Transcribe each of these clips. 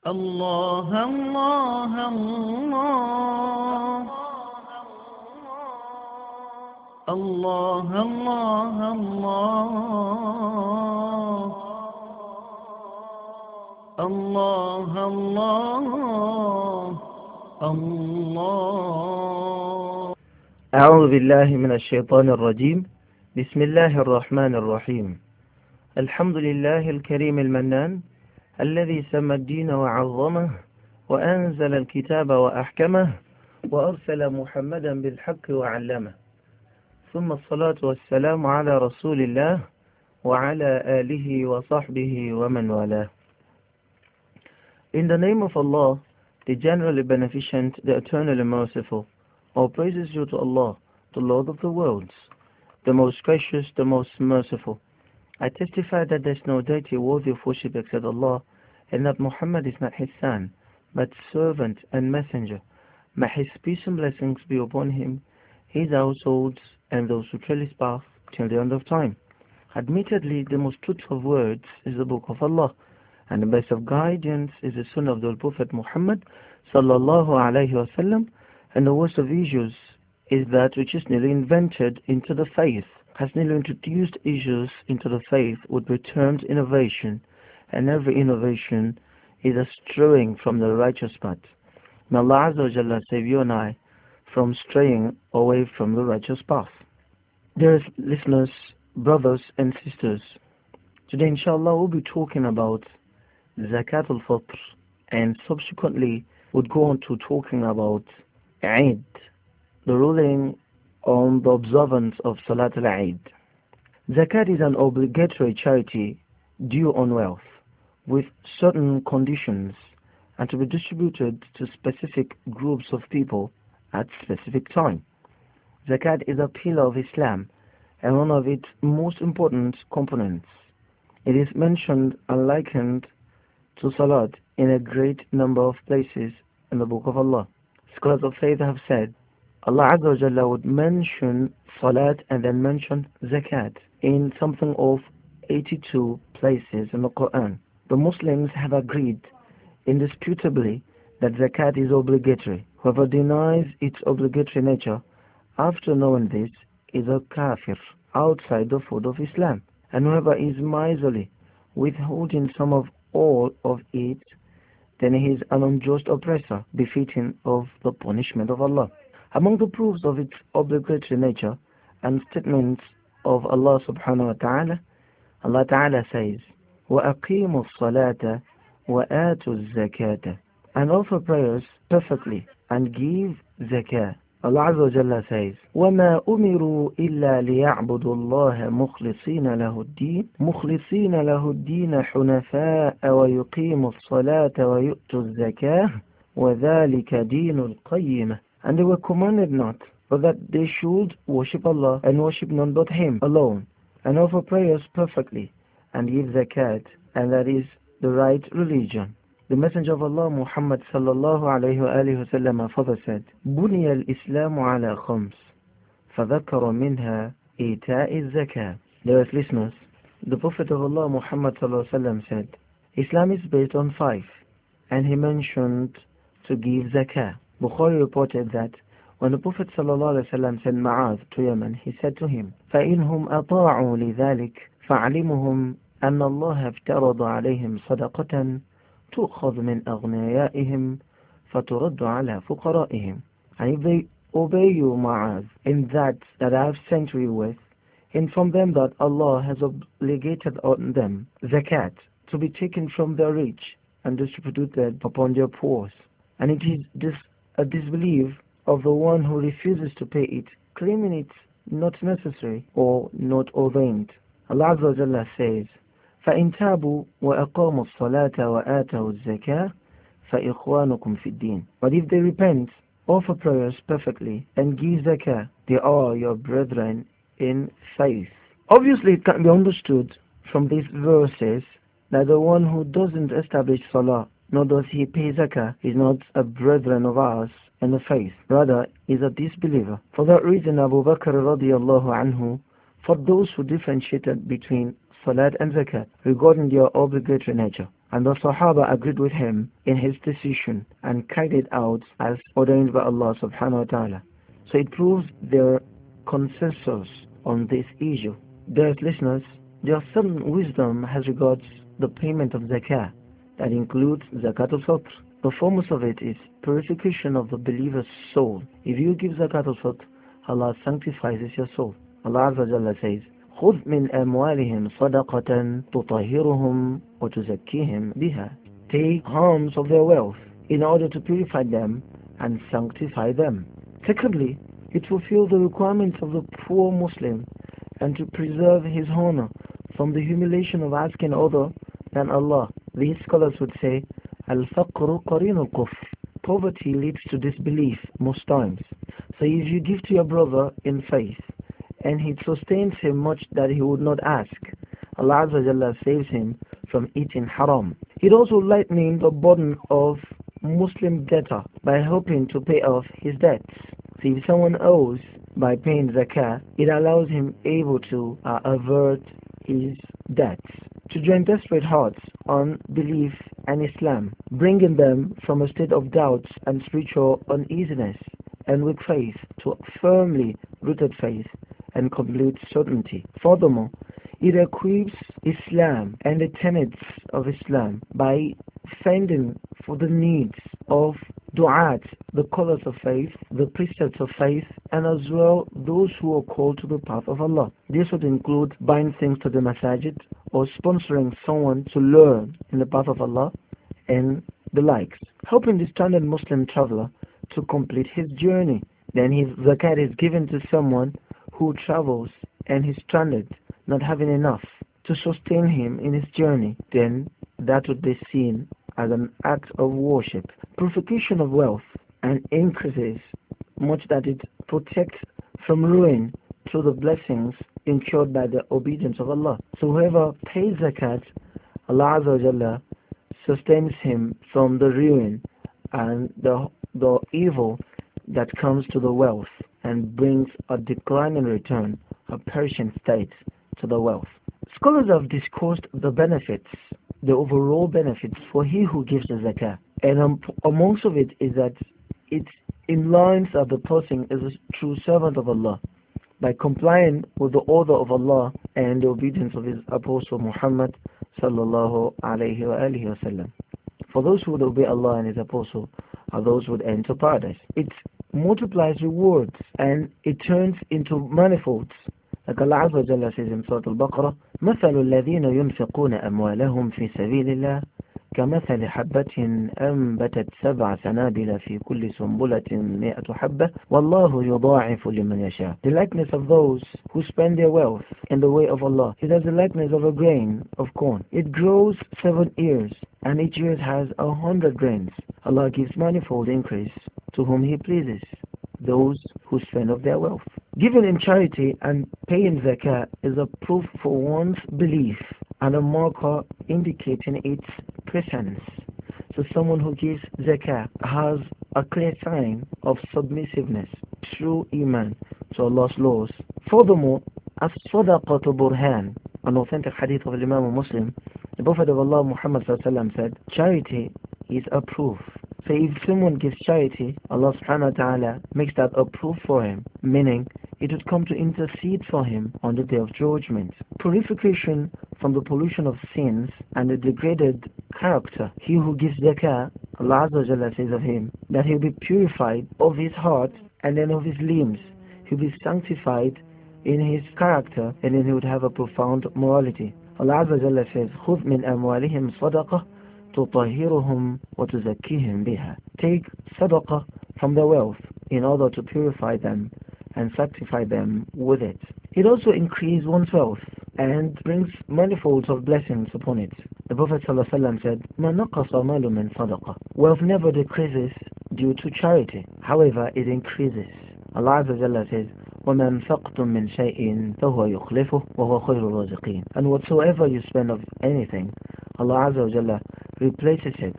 الله الله الله الله الله الله الله الله أعوذ بالله من الشيطان الرجيم بسم الله الرحمن الرحيم الحمد لله الكريم المنان الذي سمى الدين وعظمه وأنزل الكتاب وأحكمه وأرسل محمدا بالحق وعلمه ثم الصلاة والسلام على رسول الله وعلى آله وصحبه ومن والاه In the name of Allah, the generally beneficent, the eternally merciful, all praises you to Allah, the Lord of the worlds, the most gracious, the most merciful. I testify that there is no deity worthy of worship except Allah, and that Muhammad is not his son, but servant and messenger. May his peace and blessings be upon him, his households, and those who trail his path till the end of time. Admittedly, the most truthful words is the Book of Allah, and the best of guidance is the Sunnah of the Prophet Muhammad sallallahu alaihi wasallam, and the worst of issues is that which is newly invented into the faith, has newly introduced issues into the faith would be termed innovation and every innovation is a straying from the righteous path. May Allah Azza wa Jalla save you and I from straying away from the righteous path. Dear listeners, brothers and sisters, today inshallah we'll be talking about Zakat al-Fitr and subsequently would go on to talking about Eid, the ruling on the observance of Salat al-Eid. Zakat is an obligatory charity due on wealth with certain conditions and to be distributed to specific groups of people at specific time. Zakat is a pillar of Islam and one of its most important components. It is mentioned and likened to Salat in a great number of places in the Book of Allah. Scholars of faith have said Allah Azza wa would mention Salat and then mention Zakat in something of 82 places in the Quran the Muslims have agreed indisputably that zakat is obligatory. Whoever denies its obligatory nature after knowing this is a kafir outside the fold of Islam. And whoever is miserly, withholding some of all of it, then he is an unjust oppressor, befitting of the punishment of Allah. Among the proofs of its obligatory nature and statements of Allah subhanahu wa ta'ala, Allah ta'ala says, وأقيموا الصلاة وآتوا الزكاة and offer prayers perfectly and give zakah. Allah Azza wa Jalla says, وَمَا أُمِرُوا إِلَّا لِيَعْبُدُوا اللَّهَ مُخْلِصِينَ لَهُ الدِّينَ مُخْلِصِينَ لَهُ الدِّينَ حُنَفَاءَ وَيُقِيمُوا الصَّلَاةَ وَيُؤْتُوا الزَّكَاةَ وَذَلِكَ دِينُ الْقَيِّمَةِ And they were commanded not, but that they should worship Allah and worship none but Him alone, and offer prayers perfectly, and give zakat, and that is the right religion. The Messenger of Allah Muhammad sallallahu alayhi wa sallam father, said, بُنِيَ الْإِسْلَامُ عَلَى خَمْسٍ فَذَكَرَ مِنْهَا إِيتَاءِ الزَّكَاة Dear listeners, the Prophet of Allah Muhammad sallallahu alayhi wa said, Islam is based on five, and he mentioned to give zakah. Bukhari reported that when the Prophet sallallahu alayhi wa sent Ma'az to Yemen, he said to him, فَإِنْهُمْ أَطَاعُوا لِذَلِكَ فَعَلِمُهُمْ أن الله افترض عليهم صدقة تؤخذ من أغنيائهم فترد على فقرائهم and if they obey you Ma'az in that that I have sent you with inform them that Allah has obligated on them zakat to be taken from the rich and distributed upon their poor and it is this a disbelief of the one who refuses to pay it claiming it not necessary or not ordained Allah says فإن تابوا وأقاموا الصلاة وآتوا الزكاة فإخوانكم في الدين But if they repent, offer prayers perfectly, and give zakah, they are your brethren in faith. Obviously, it can be understood from these verses that the one who doesn't establish salah, nor does he pay zakah, is not a brethren of ours in the faith. Rather, is a disbeliever. For that reason, Abu Bakr radiallahu anhu, for those who differentiated between salat and zakat regarding their obligatory nature. And the Sahaba agreed with him in his decision and carried it out as ordained by Allah subhanahu wa ta'ala. So it proves their consensus on this issue. Dear listeners, there are certain wisdom as regards the payment of zakat that includes zakat al-fitr. The foremost of it is purification of the believer's soul. If you give zakat al-fitr, Allah sanctifies your soul. Allah Azza says, خذ من أموالهم صدقة تطهرهم وتزكيهم بها Take harms of their wealth in order to purify them and sanctify them. Secondly, it fulfills the requirements of the poor Muslim and to preserve his honor from the humiliation of asking other than Allah. These scholars would say, Al-Faqru Qarinu Kufr. Poverty leads to disbelief most times. So if you give to your brother in faith, and he sustains him much that he would not ask. Allah Azza saves him from eating haram. he also lightening the burden of Muslim debtor by helping to pay off his debts. See, if someone owes by paying zakah, it allows him able to uh, avert his debts. To join desperate hearts on belief and Islam, bringing them from a state of doubts and spiritual uneasiness and weak faith to firmly rooted faith and complete certainty. Furthermore, it equips Islam and the tenets of Islam by fending for the needs of du'at, the callers of faith, the precepts of faith, and as well those who are called to the path of Allah. This would include buying things to the masajid or sponsoring someone to learn in the path of Allah and the likes, helping the stranded Muslim traveler to complete his journey. Then his zakat is given to someone who travels and is stranded, not having enough to sustain him in his journey, then that would be seen as an act of worship, purification of wealth, and increases much that it protects from ruin through the blessings incurred by the obedience of Allah. So whoever pays zakat, Allah Azza sustains him from the ruin and the, the evil that comes to the wealth and brings a decline in return of Persian states to the wealth. Scholars have discussed the benefits, the overall benefits for he who gives the zakah, and um, of it is that it in lines of the person is a true servant of Allah by complying with the order of Allah and the obedience of His Apostle Muhammad sallallahu alaihi wasallam. For those who would obey Allah and His Apostle are those who would enter paradise. It's multiplies rewards and it turns into manifolds. Like Allah Azza wa Jalla says in Surah Al-Baqarah, مثل الذين ينفقون أموالهم في سبيل الله كمثل حبة أنبتت سبع سنابل في كل سنبلة مئة حبة والله يضاعف لمن يشاء The likeness of those who spend their wealth in the way of Allah is as the likeness of a grain of corn. It grows seven ears and each ear has a hundred grains. Allah gives manifold increase to whom he pleases, those who spend of their wealth. Giving in charity and paying zakah is a proof for one's belief and a marker indicating its presence. So someone who gives zakah has a clear sign of submissiveness, true iman to Allah's laws. Furthermore, as sadaqatu burhan, an authentic hadith of Imam Muslim, the Prophet of Allah Muhammad said, charity is a proof so if someone gives charity, Allah subhanahu wa ta'ala makes that approved for him, meaning it would come to intercede for him on the day of judgment. Purification from the pollution of sins and the degraded character. He who gives zakah, Allah Azza says of him, that he'll be purified of his heart and then of his limbs. He'll be sanctified in his character and then he would have a profound morality. Allah Azza says, خُذْ مِنْ أَمْوَالِهِمْ صَدَقَةً تطهرهم وتزكيهم بها take sadaqah from their wealth in order to purify them and sanctify them with it it also increases one's wealth and brings manifolds of blessings upon it the prophet ﷺ said wealth never decreases due to charity however it increases Allah says وما أنفقتم من شيء فهو يخلفه وهو خير الرازقين and whatsoever you spend of anything Allah Azza wa Jalla replaces it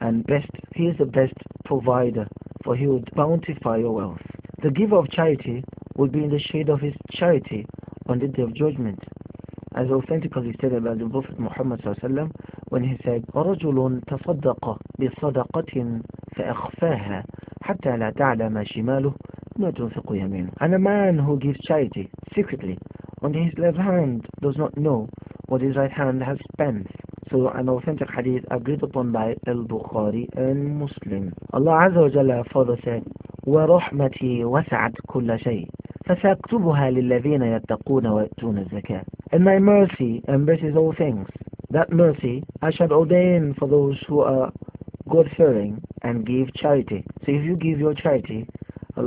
and best He is the best provider for He would bountify your wealth the giver of charity will be in the shade of His charity on the Day of Judgment as authentically stated by the Prophet Muhammad وسلم when he said رجل تصدق بصدقة فأخفاها حتى لا تعلم شماله not Yamin, and a man who gives charity secretly on his left hand does not know what his right hand has spent. So an authentic hadith agreed upon by Al-Bukhari and Muslim. Allah Azza wa Jalla further said, وَرَحْمَتِي وَسَعَتْ كُلَّ شَيْءٍ فَسَأَكْتُبُهَا لِلَّذِينَ يَتَّقُونَ وَيَؤْتُونَ الزَّكَاةَ And my mercy embraces all things. That mercy I shall ordain for those who are God-fearing and give charity. So if you give your charity,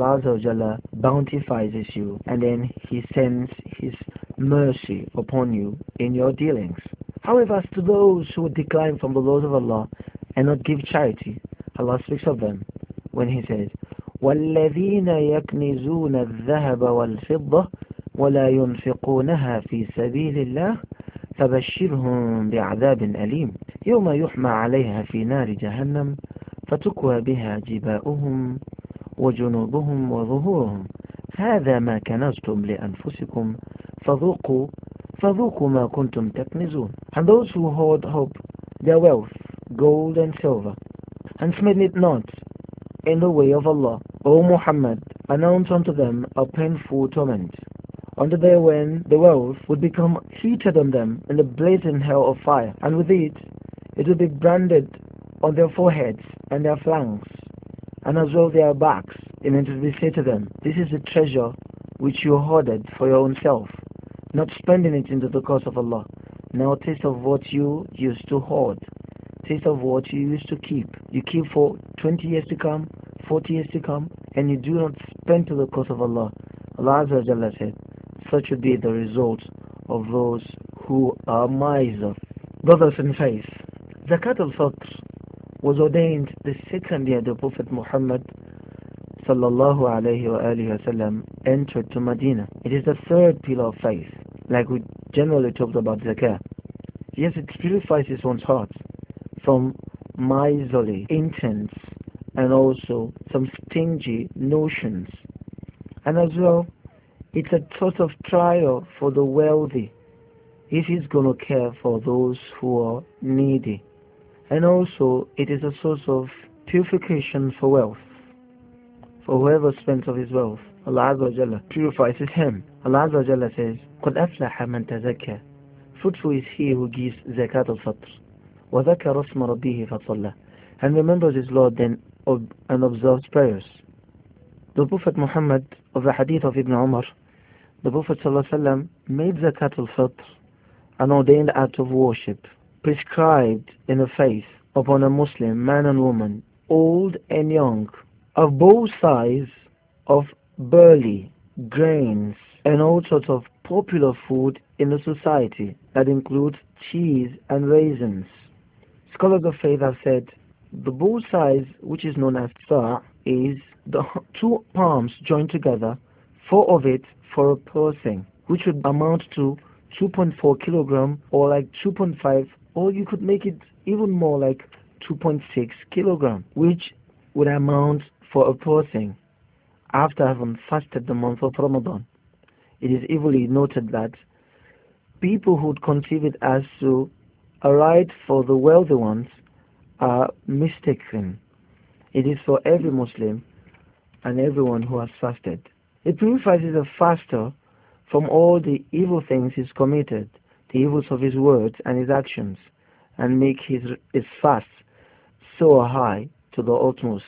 Allah bountifies you and then He sends His mercy upon you in your dealings. However, as to those who decline from the laws of Allah and not give charity, Allah speaks of them when He says, والذين يكنزون الذهب والفضة ولا ينفقونها في سبيل الله فبشرهم بعذاب أليم يوم يحمى عليها في نار جهنم فتكوى بها جباؤهم وجنوبهم وظهورهم هذا ما كنزتم لأنفسكم فذوقوا فذوقوا ما كنتم تكنزون And those who hoard hope their wealth, gold and silver, and smitten it not in the way of Allah, O Muhammad, announce unto them a painful torment. On the day when the wealth would become heated on them in the blazing hell of fire, and with it, it would be branded on their foreheads and their flanks, and as well their backs. And it will say to them, This is a treasure which you hoarded for your own self, not spending it into the cause of Allah. Now taste of what you used to hoard. Taste of what you used to keep. You keep for 20 years to come, 40 years to come, and you do not spend to the cause of Allah. Allah Azza said, such would be the result of those who are miser. Brothers in faith, Zakat al-Fitr was ordained the second year the Prophet Muhammad sallallahu alayhi wa wasallam entered to Medina. It is the third pillar of faith, like we generally talked about zakah. Yes, it purifies one's heart from miserly intents and also some stingy notions. And as well, it's a sort of trial for the wealthy if he's going to care for those who are needy and also it is a source of purification for wealth. For whoever spends of his wealth, Allah Azza purifies him. Allah Azza says, قَدْ أَفْلَحَ مَنْ تَزَكَّى Fruitful is he who gives zakat al-fitr. وَذَكَرَ اسْمَ رَبِّهِ فَصَلَّى And remembers his Lord then and observes prayers. The Prophet Muhammad of the hadith of Ibn Umar, the Prophet made zakat al-fitr an ordained act of worship prescribed in the faith upon a Muslim man and woman, old and young, of both sides, of burly grains, and all sorts of popular food in the society that includes cheese and raisins. Scholars of faith have said the bull size, which is known as tsar, is the two palms joined together, four of it for a person, which would amount to 2.4 kilogram or like 2.5 or you could make it even more like 2.6 kilogram, which would amount for a person after having fasted the month of Ramadan. It is evilly noted that people who conceive it as so a right for the wealthy ones are mistaken. It is for every Muslim and everyone who has fasted. It purifies the faster from all the evil things he's committed the evils of his words and his actions, and make his, his fasts so high to the utmost.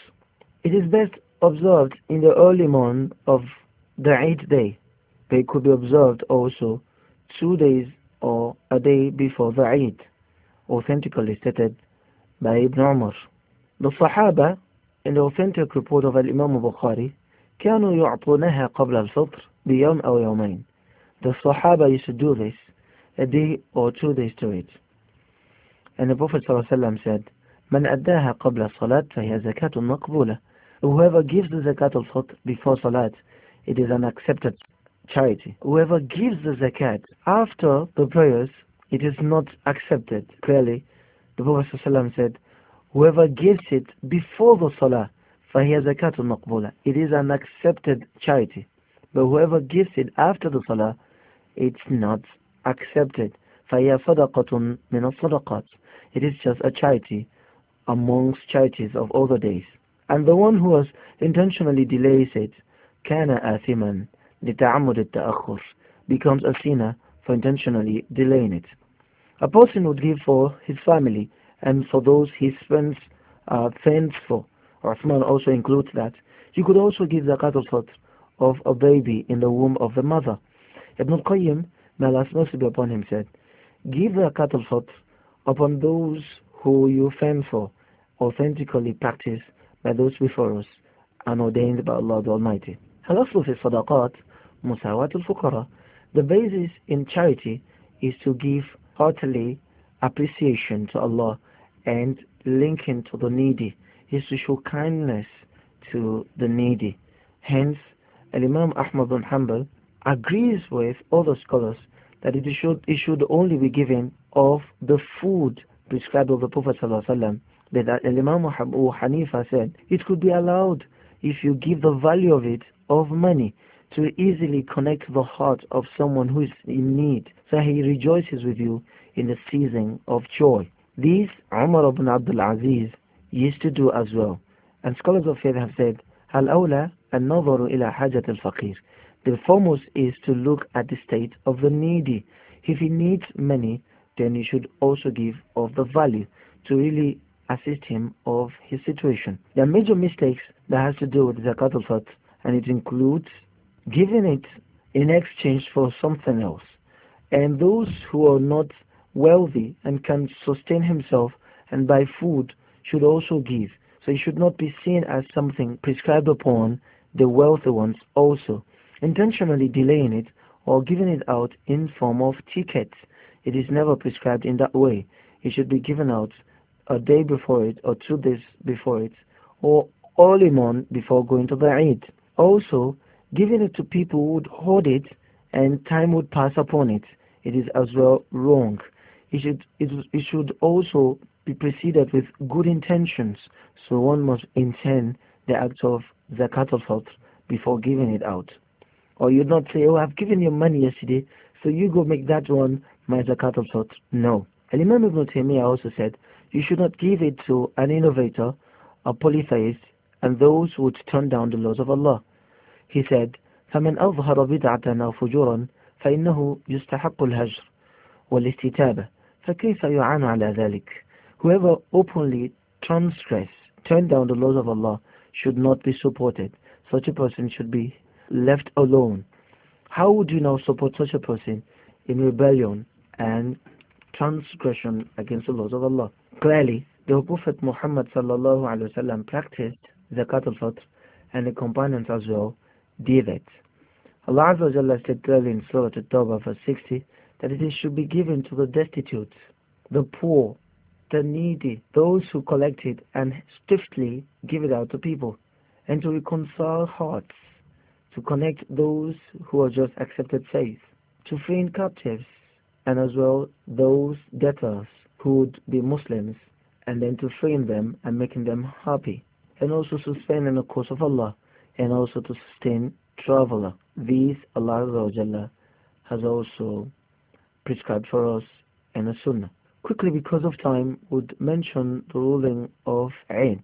It is best observed in the early morn of the eighth day. They could be observed also two days or a day before the Eid, authentically stated by Ibn Umar. The Sahaba, in the authentic report of Imam Bukhari, كانوا يعطونها قبل الفطر بيوم أو يومين. The Sahaba used to do this a day or two days to it. And the Prophet ﷺ said, من أداها قبل الصلاة فهي زكاة مقبولة. Whoever gives the zakat al-fitr before salat, it is an accepted charity. Whoever gives the zakat after the prayers, it is not accepted. Clearly, the Prophet ﷺ said, whoever gives it before the salah, فهي زكاة مقبولة. It is an accepted charity. But whoever gives it after the salah, it's not accepted. فَهِيَ صَدَقَةٌ مِنَ الصَّدَقَاتِ It is just a charity amongst charities of other days. And the one who has intentionally delays it, kana آثِمًا لِتَعَمُّدِ التَّأَخُّرِ Becomes a sinner for intentionally delaying it. A person would give for his family and for those he spends uh, fends for. Uthman also includes that. You could also give zakat al-fitr of a baby in the womb of the mother. Ibn al-Qayyim May Allah's mercy be upon him, said, Give the cattle fitr upon those who you fend for, authentically practiced by those before us and ordained by Allah the Almighty. fi The basis in charity is to give heartily appreciation to Allah and linking to the needy is to show kindness to the needy. Hence, Imam Ahmad bin Hanbal agrees with other scholars that it should, it should only be given of the food prescribed of the Prophet ﷺ. That Imam Abu Hanifa said, it could be allowed if you give the value of it of money to easily connect the heart of someone who is in need, so he rejoices with you in the season of joy. This Umar ibn Abdul Aziz used to do as well. And scholars of faith have said, Al-awla an-nazaru ila hajat al-faqir. The foremost is to look at the state of the needy. If he needs money, then he should also give of the value to really assist him of his situation. There are major mistakes that has to do with zakat al-fat, and it includes giving it in exchange for something else. And those who are not wealthy and can sustain himself and buy food should also give. So it should not be seen as something prescribed upon the wealthy ones also intentionally delaying it or giving it out in form of tickets. It is never prescribed in that way. It should be given out a day before it or two days before it or early on before going to the Eid. Also, giving it to people who would hoard it and time would pass upon it. It is as well wrong. It should, it, it should also be preceded with good intentions. So one must intend the act of zakat al-fitr before giving it out. Or you'd not say, oh, I've given you money yesterday, so you go make that one my zakat of sort. No. Al-Imam Ibn Taymiyyah also said, you should not give it to an innovator, a polytheist, and those who would turn down the laws of Allah. He said, فمن أظهر بدعة أو فجورا فإنه يستحق الهجر والاستتابة فكيف يعان على ذلك Whoever openly transgress, turn down the laws of Allah, should not be supported. Such a person should be left alone, how would you now support such a person in rebellion and transgression against the laws of Allah? Clearly, the Prophet Muhammad sallallahu alaihi wasallam practiced zakat al-fitr, and the companions as well did it. Allah Azza wa said clearly in Surah al tawbah verse 60 that it should be given to the destitute, the poor, the needy, those who collect it and swiftly give it out to people, and to reconcile hearts to connect those who are just accepted faith, to freeing captives, and as well those debtors who would be Muslims, and then to freeing them and making them happy, and also sustaining the cause of Allah, and also to sustain traveler. These Allah has also prescribed for us in the Sunnah. Quickly, because of time, would mention the ruling of Eid.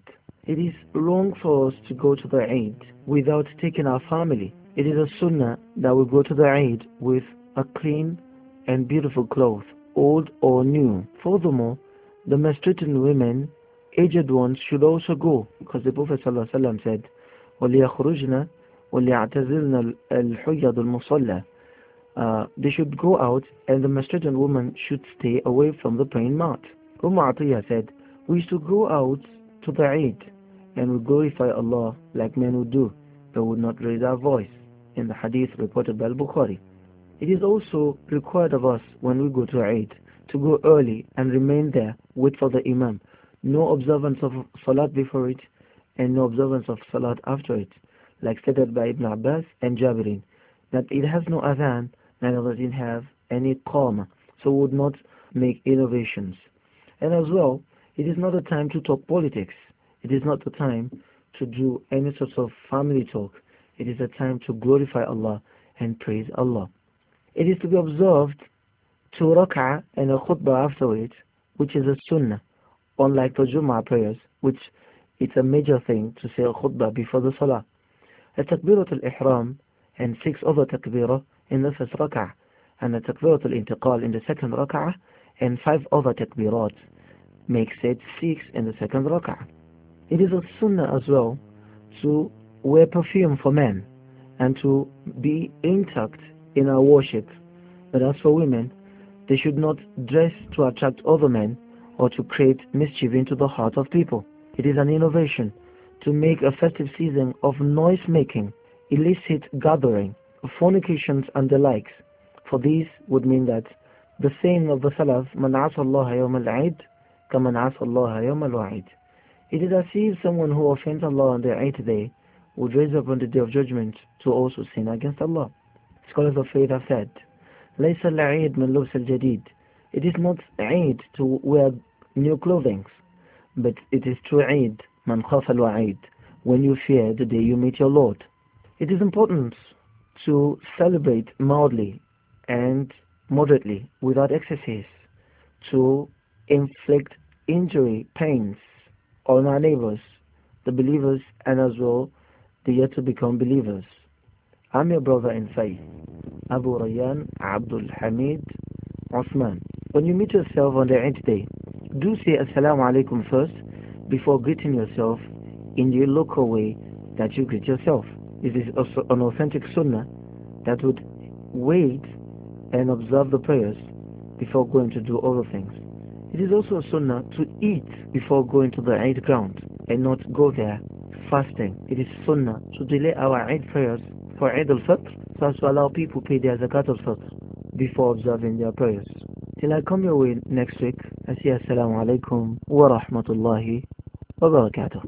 It is wrong for us to go to the Eid without taking our family. It is a sunnah that we go to the Eid with a clean and beautiful cloth, old or new. Furthermore, the menstruating women, aged ones, should also go because the Prophet ﷺ said, وَلْيَخْرُجْنَا وَلْيَعْتَزِلْنَا الْحُيَّةُ الْمُصَلَّةِ uh, they should go out and the menstruating woman should stay away from the praying mat. Umm Atiyah said, we should go out to the Eid and we glorify Allah like men would do, but would not raise our voice in the hadith reported by Bukhari. It is also required of us when we go to Eid to go early and remain there, wait for the Imam. No observance of Salat before it and no observance of Salat after it, like stated by Ibn Abbas and Jabirin, that it has no Adhan, neither does it have any Qama, so would not make innovations. And as well, it is not the time to talk politics. It is not the time to do any sort of family talk. It is a time to glorify Allah and praise Allah. It is to be observed two rak'ah and a khutbah after it, which is a sunnah, unlike the Jummah prayers, which it's a major thing to say a khutbah before the salah. A takbirat al-ihram and six other takbirah in the first rak'ah, and a takbirat al-intiqal in the second rak'ah, and five other takbirat makes it six in the second rak'ah. It is a sunnah as well to wear perfume for men and to be intact in our worship. But as for women, they should not dress to attract other men or to create mischief into the heart of people. It is an innovation to make a festive season of noise making, illicit gathering, fornications and the likes. For these would mean that the saying of the Salaf, Man asallaha yawm al-Eid, كَمَنْ عَصَى اللَّهَ يَوْمَ الْوَعِيدِ It is as if someone who offends Allah on the eighth day would raise up on the day of judgment to also sin against Allah. Scholars of faith have said, لَيْسَ الْعِيدْ مِنْ لُبْسِ الْجَدِيدِ It is not Eid to wear new clothing, but it is true Aid مَنْ خَافَ الْوَعِيدِ When you fear the day you meet your Lord. It is important to celebrate mildly and moderately without excesses to inflict injury, pains on our neighbors, the believers, and as well the yet to become believers. I'm your brother in faith, Abu Rayyan Abdul Hamid Osman. When you meet yourself on the eighth day, do say Assalamu alaikum first before greeting yourself in the local way that you greet yourself. This is also an authentic sunnah that would wait and observe the prayers before going to do other things. It is also a sunnah to eat before going to the Eid ground and not go there fasting. It is sunnah to delay our Eid prayers for Eid al-Fitr so as to allow people pay their zakat al-Fitr before observing their prayers. Till I come your way next week, I say assalamu alaikum wa rahmatullahi wa barakatuh.